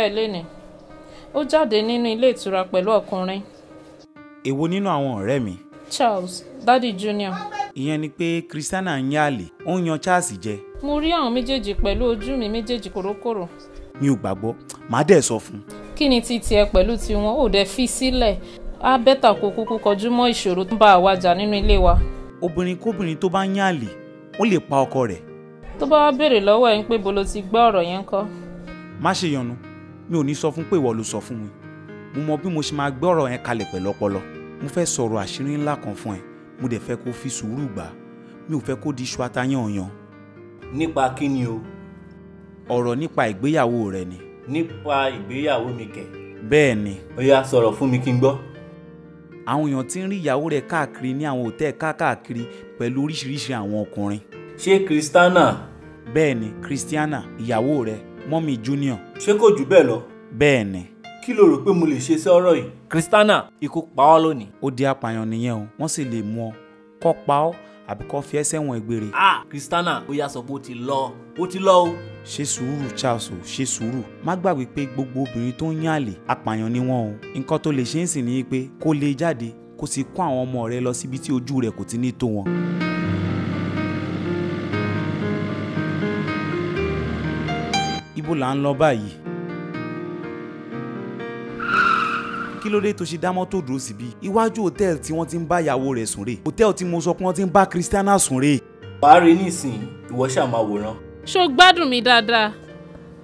ọ̀rẹ́ lẹ́nìí ó jáde nínú ilé ìtura pẹ̀lú ọkùnrin. èwo nínú àwọn ọ̀rẹ́ mi. Charles Daddy Junior. ìyẹn ni pé Christiana ń yáàlè ó ń yan Charles jẹ. mo rí àwọn méjèèjì pẹ̀lú ojú mi méjèèjì kòrókòrò. mi ò gbàgbọ́ màá dẹ̀ sọ fún un. kí ni ti tiẹ̀ pẹ̀lú tiwọn ò dẹ̀ fi sílẹ̀ á bẹ́tà kó kúkú kọjú mọ́ ìṣòro tó ń bá àwa jà nínú ilé wa. obìnrin kóbìnrin tó bá ń yáàlè ó lè pa ọkọ rẹ̀. tó bá wá béèrè lọ́wọ́ ẹ̀ ń pé bolo ti gbọ́ ọ̀rọ̀ yẹn kọ́. má ṣe yọnu mi ò ní sọ fún pé ìwọ ló sọ fún mi mo mọ bí mo ṣe máa gbé ọ̀rọ̀ yẹn kalẹ̀ pẹ̀lú ọpọlọ mo fẹ́ sọ̀rọ̀ àṣírí ńlá kan fún ẹ mo dẹ̀ fẹ́ kó fi sùúrù gbà mi ò fẹ́ kó di iṣu atayán ọ̀yàn. nípa kí ni o. ọ̀rọ̀ nípa ìgbéyàwó rẹ ni. nípa ìgbéyàwó mi kẹ̀. bẹ́ẹ̀ ni. ó yá sọ̀rọ̀ fún mi kí n gbọ́. àwọn èèyàn ti ń rí ìyàwó rẹ káàkiri ní àwọn òtẹ́ẹ̀ káàkiri pẹ̀lú oríṣiríṣi àwọn ọkùnrin. ṣé kristiana. bẹ́ẹ̀ ni kristiana ìyàwó rẹ̀ mọ́mì junior. ṣé kò jù bẹ́ẹ̀ lọ. bẹ́ẹ̀ ni. kí lo rò pé mo lè ṣe sọ́rọ̀ yìí. kristana ikú pa ọ́ lónìí. ó di apààyàn nìyẹn o wọ́n sì lè mú ọ kọ́ pa ọ́ àbí kọ́ fi ẹ́ sẹ́wọ̀n egbére. a kristana ó yá sọ pé ó ti lọ ó ti lọ o. ṣe sùúrù charles o ṣe sùúrù má gbàgbé pé gbogbo obìnrin tó ń yàn àlè apààyàn ni wọn o nǹkan tó lè ṣe ń sìn ní pé kó lè jáde kó sì kó àwọn ọmọ rẹ lọ síbi tí ojú rẹ kò ti ní tó wọn. ibo là ń lọ báyìí. kí ló dé tó ṣe dá mọ́tò dúró síbi iwájú hòtẹ́ẹ̀lì tí wọ́n ti ń bá ìyàwó rẹ̀ sùn rè hòtẹ́ẹ̀lì tí mo sọ pé wọ́n ti ń bá Christiana sùn rè. wàá rí nísìnyí ìwọ ṣáà ṣó gbádùn mi dáadáa.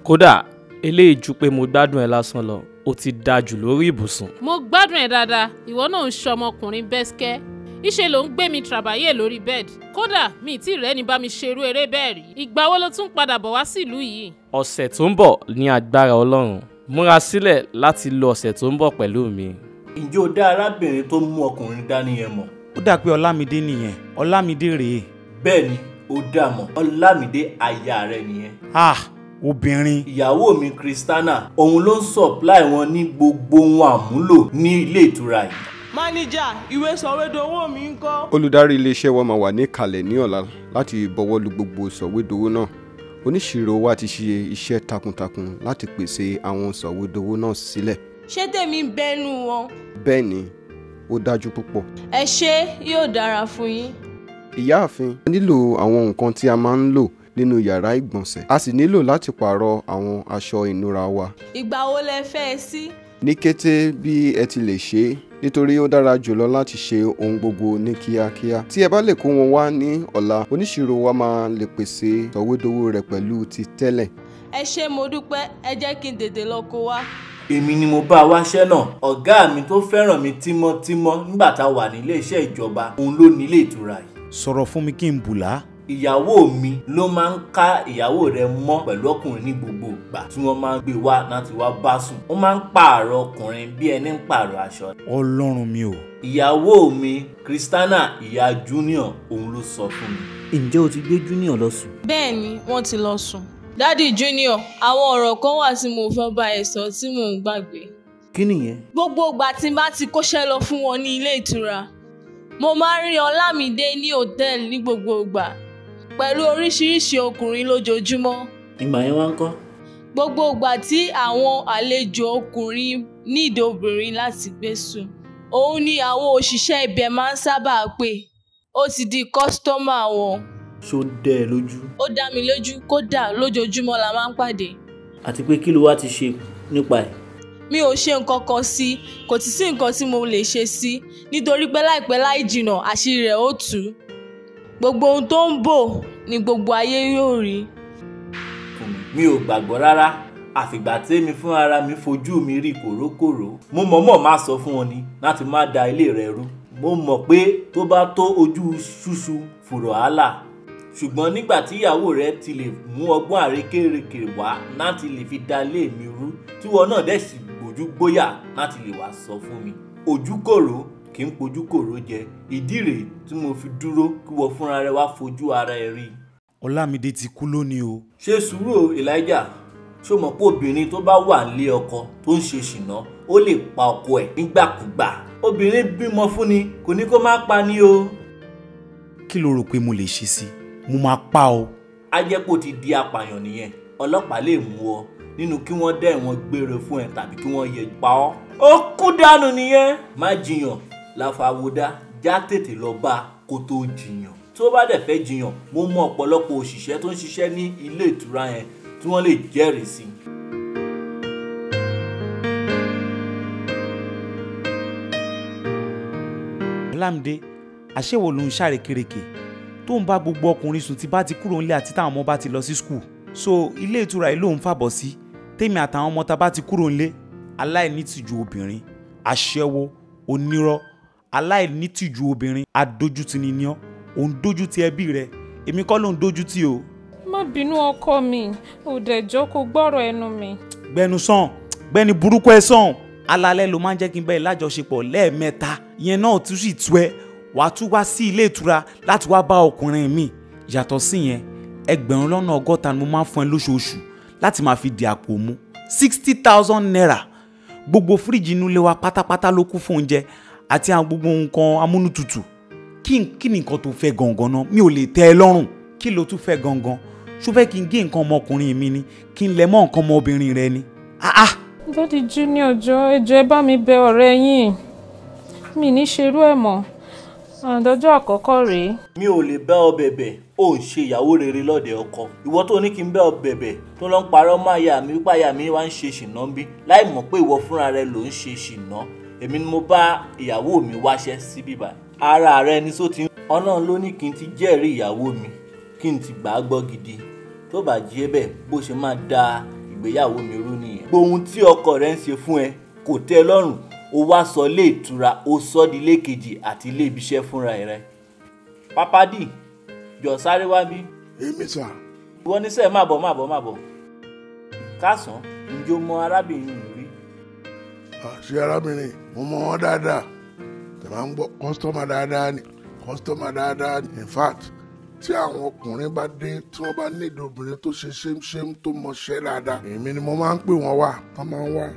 kódà eléyìí ju pé mo gbádùn ẹ lásán lọ ó ti dájú lórí ibùsùn. mo gbádùn ẹ dáadáa ìwọ náà ń ṣọmọkùnrin bẹ́sikẹ́ níṣẹ́ ló ń gbé mi tràbáyé lórí bẹ́ẹ̀dì kódà mi ì tí ì rẹ́ni bá mi ṣerú eré bẹ́ẹ̀ rí ìgbà wo ló tún padà bọ̀ wá sílùú yìí. ọ̀sẹ̀ tó ń bọ̀ ní agbára ọlọ́run múra sílẹ̀ láti lo ọ̀sẹ̀ tó ń bọ̀ pẹ̀lú mi. ǹjẹ́ o dá arábìnrin tó mú ọkùnrin dání yẹn mọ̀. ó dà pé ọlámidé nìyẹn ọlámidé rèé. bẹ́ẹ̀ni ó dà mọ̀ ọlámidé aya rẹ nìyẹn. ah obìnrin. ìyàwó mi kristiana òun ló ń supply wọn ní gbogbo ohun àmúlò ní ilé ìtura yìí máníjà ìwé sọ̀wédowó mi ń kọ́. olùdarí iléeṣẹ́ wa máa wà níkàlẹ̀ ní ọ̀la láti bọwọ́ lu gbogbo sọ̀wédowó náà oníṣirò wa ti ṣe iṣẹ́ takuntakun láti pèsè àwọn sọ̀wédowó náà sílẹ̀. ṣé tèmi ń bẹnu wọn. bẹ́ẹ̀ ni ó dájú púpọ̀. ẹ ṣé yóò dára fún yín. ìyáàfin a nílò àwọn nǹkan tí a máa ń lò nínú yàrá ìgbọ̀nsẹ̀ a sì nílò láti pààrọ̀ àwọn aṣọ ìnura wa. ìgbà wo lẹ fẹ́ ẹ sí ní kété bí ẹ ti lè ṣe é nítorí ó dára jùlọ láti ṣe ohun gbogbo ní kíákíá tí ẹ bá lè kó wọn wá ní ọ̀la oníṣirò wa máa lè pèsè tọ̀wédowó rẹ̀ pẹ̀lú ti tẹ́lẹ̀. ẹ ṣé mo dúpẹ́ ẹ jẹ́ kí n tètè lọ kó wá. èmi ni mo bá wáṣẹ́ náà ọ̀gá mi tó fẹ́ràn mi tímọ́tímọ́ nígbà tá a wà nílé iṣẹ́ ìjọba òun ló nílé ìtura yìí. sọ̀rọ̀ fún mi kí n bùlá ìyàwó mi ló máa ń ká ìyàwó rẹ mọ́ pẹ̀lú ọkùnrin ní gbogbo ìgbà tí wọ́n máa ń gbé wá láti wá bá sùn ó máa ń pààrọ̀ ọkùnrin bí ẹni ń pààrọ̀ aṣọ. ọlọ́run mi ò. ìyàwó mi Christiana ìyá Junior òun ló sọ fún mi. ǹjẹ́ o ti gbé Junior lọ sùn. bẹ́ẹ̀ni wọ́n ti lọ sùn. dádì Junior àwọn ọ̀rọ̀ kan wà tí mo fẹ́ bá ẹ sọ tí mò ń gbàgbé. kí nìyẹn. gbogbo ìgbà tí n bá ti kóṣẹ́ lọ fún wọn mo máa ń rí Ọlámídé ní hòtẹ́ẹ̀lì ní gbogbo ìgbà pẹ̀lú oríṣiríṣi ọkùnrin lójoojúmọ́. ìgbà yẹn wá ń kọ́. gbogbo ìgbà tí àwọn àlejò ọkùnrin nídìí obìnrin láti gbé sùn òun ni àwọn òṣìṣẹ́ ibẹ̀ máa ń sábà pè ó ti di kọ́sítọ́mà wọn. ṣó dẹ́ ẹ lójú. ó dá mi lójú kódà lójoojúmọ́ la máa ń pàdé. àti pé kí ló wá ti ṣe nípa ẹ̀ mi ò ṣe nǹkan kan sí i kò tí sí nǹkan tí mo lè ṣe sí i nítorí pé láìpẹ́ láì jìnnà àṣírí rẹ̀ ó tú gbogbo ohun tó ń bọ̀ ni gbogbo ayé yóò rí. mi ò gbàgbọ́ rárá àfìgbà tẹ́mi fún ara mi fojú mi rí kòrókòró mo mọ̀ọ́mọ̀ máa sọ fún wọn ni láti má da ilé rẹ rú mo mọ̀ pé tó bá tó ojú ṣúṣu fùrọ̀ hálà ṣùgbọ́n nígbà tí ìyàwó rẹ ti lè mú ọgbọ́n àrékèrèkè wá láti lè fi da ilé mi rú tíwọ náà dẹ̀ sì gbójú gbóyà láti lè wá sọ fún mi ojúkòrò kì í pojú kòró jẹ ìdí rèé tí mo fi dúró kí wọ́n fúnra rẹ wá fojú ara ẹ rí. ọlámídé ti kú lónìí o. ṣé sùúrù elijah ṣó mọ̀ pé obìnrin tó bá wà nílé ọkọ tó ń ṣe ṣìnà ó lè pa ọkọ ẹ̀ nígbàkúgbà obìnrin bímọ fún ni kò ní kó má pa ni o. kí ló rò pé mo lè ṣe sí mo máa pa o. ajẹ́pọ̀ ti di apààyàn nìyẹn ọlọ́pàá lè mú ọ nínú kí wọ́n dá ẹ̀wọ̀n gbére fún ẹ tàbí kí wọ́n yẹ pa ọ́. ó kú dànù nìyẹn má jiyàn láfàwọ́dá já tètè lọ bá kó tó jiyàn tí ó bá dẹ̀ fẹ́ jiyàn mo mọ ọ̀pọ̀lọpọ̀ òṣìṣẹ́ tó ń ṣiṣẹ́ ní ilé ìtura yẹn tí wọ́n lè jẹ́rìí sí i lámìdé àṣewò ló ń ṣàrè kèrèkè tó ń bá gbogbo ọkùnrin sùn tí bá ti kúrò nílé àti táwọn ọmọ bá ti lọ sí skul so ilé ìtura yìí ló ń fàbọ̀ sí tèmi àtàwọn ọmọ tá bá ti kúrò nílé aláìní tìjú obìnrin àṣewò onírọ́ aláìnítìjú obìnrin adójútì ni yán òun dójútì ẹbí rẹ èmi kọ́ ló ń dójútì o. má bínú ọkọ mi ò dẹ̀jọ́ kó gbọ́rọ̀ ẹnu mi. gbẹnu sàn gbẹni burúkú ẹ sàn alalẹ́ ló máa ń jẹ́ kí n bẹ́ẹ̀ lájọṣepọ̀ lẹ́ẹ̀mẹ́ta yẹn náà tún sì tu ẹ wàá tún wá sí ilé ìtura láti wá bá ọkùnrin mi yàtọ̀ sí yẹn ẹgbẹ̀rún lọ́nà ọgọ́ta ni mo máa ń fún ẹ lóṣooṣù láti máa fi di àpò mu sixty thousand naira gbogbo fíríjì inú ilé wa pátápátá ló kún fún oúnjẹ àti àwọn gbogbo nǹkan amúnútutù kí ni nǹkan tó fẹ́ gangan náà mi ò lè tẹ́ ẹ lọ́rùn kí ló tún fẹ́ gangan ṣó fẹ́ kí n gé nǹkan ọmọkùnrin mi ni kí n lẹ mọ́ nǹkan ọmọbìnrin rẹ ni. dádì junior jọ ẹjọ ẹ bá mi bẹ ọ̀rẹ́ yín mi ní ṣerú ẹ̀ mọ́ àdọjọ àkọ́kọ́ rèé. mi ò lè bẹ́ ọ bẹ̀bẹ̀ ó ń ṣe ìyàwó rere lọ́dẹ ọkọ ìwọ tó ní kí n bẹ́ ọ bẹ̀bẹ̀ tó lọ ń parọ́ mọ́ àyà mi wípé àyà mi wá ń ṣe ṣìnà bí láì mọ̀ pé ìwọ fúnra rẹ ló ń ṣe ṣìnà èmi ni mo bá ìyàwó mi wáṣẹ́ síbí báyìí ara rẹ ni só ti ń. ọlọ́run ló ní kí n ti jẹ́rìí ìyàwó mi kí n ti gbà á gbọ́ gidi tó bá jí ẹ bó ṣe máa da ìgbéyàwó mi rú nìyẹn. gbogbo ohun tí ọkọ rẹ ń ṣe fún ẹ kò tẹ́ ẹ lọ́rùn o wá sọ ilé ìtura o sọ di ilé kejì àti ilé ibiṣẹ́ fúnra rẹ. pápádì jọ sáré wá bí. èmi sà. ìwọ ní sẹ́ẹ̀ má bọ̀ má bọ̀ má bọ̀. kásán ǹjọ́ mọ arábìnrin rí. àṣé arábìnrin mo mọ wọn dáadáa tẹ̀ máa ń gbọ́ kọ́sítọ́mà dáadáa ni kọ́sítọ́mà dáadáa ni in fact tí àwọn ọkùnrin bá dé tí wọ́n bá nídìí obìnrin tó ṣe ṣémṣém tó mọṣẹ́ dáadáa èmi ni mo máa ń pè wọ́n wá tán máa ń wá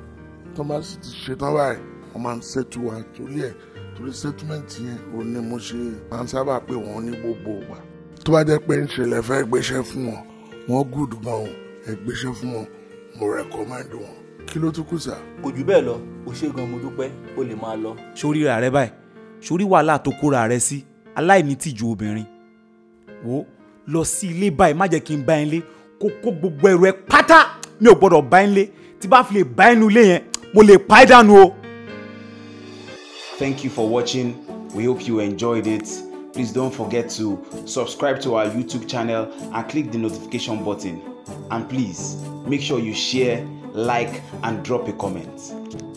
tán bá sì ti ṣe tán báyìí wọ́n máa ń ṣètò wa torí ẹ̀ torí sẹ́túmẹ̀ntì yẹn ò ní mo ṣe máa ń sábà pé wọ́n ní gbogbo ìgbà tó bá jẹ́ pé ń ṣe lẹ́fẹ́ gbéṣẹ́ fún wọn wọ́n gùdù gan-an ẹ gbéṣẹ́ fún wọn mo rẹ̀kọ́mẹ́ndì wọn kí ló tún kù sá. kò jù bẹ́ẹ̀ lọ o ṣe gan mo o lè máa lọ. sórí ra rẹ báyìí sórí wàhálà tó kóra rẹ sí aláìní tìjú obìnrin wo lọ sí ilé báyìí má jẹ́ kí n bá ẹ lé kó kó gbogbo ẹrù ẹ pátá mi ò gbọ́dọ̀ bá ẹ lé tí bá fi lè bá ẹ nu ilé yẹn mo lè pa ẹ dànù o. Thank you for watching. We hope you enjoyed it. Please don't forget to subscribe to our YouTube channel and click the notification button. And please make sure you share like, and drop a comment.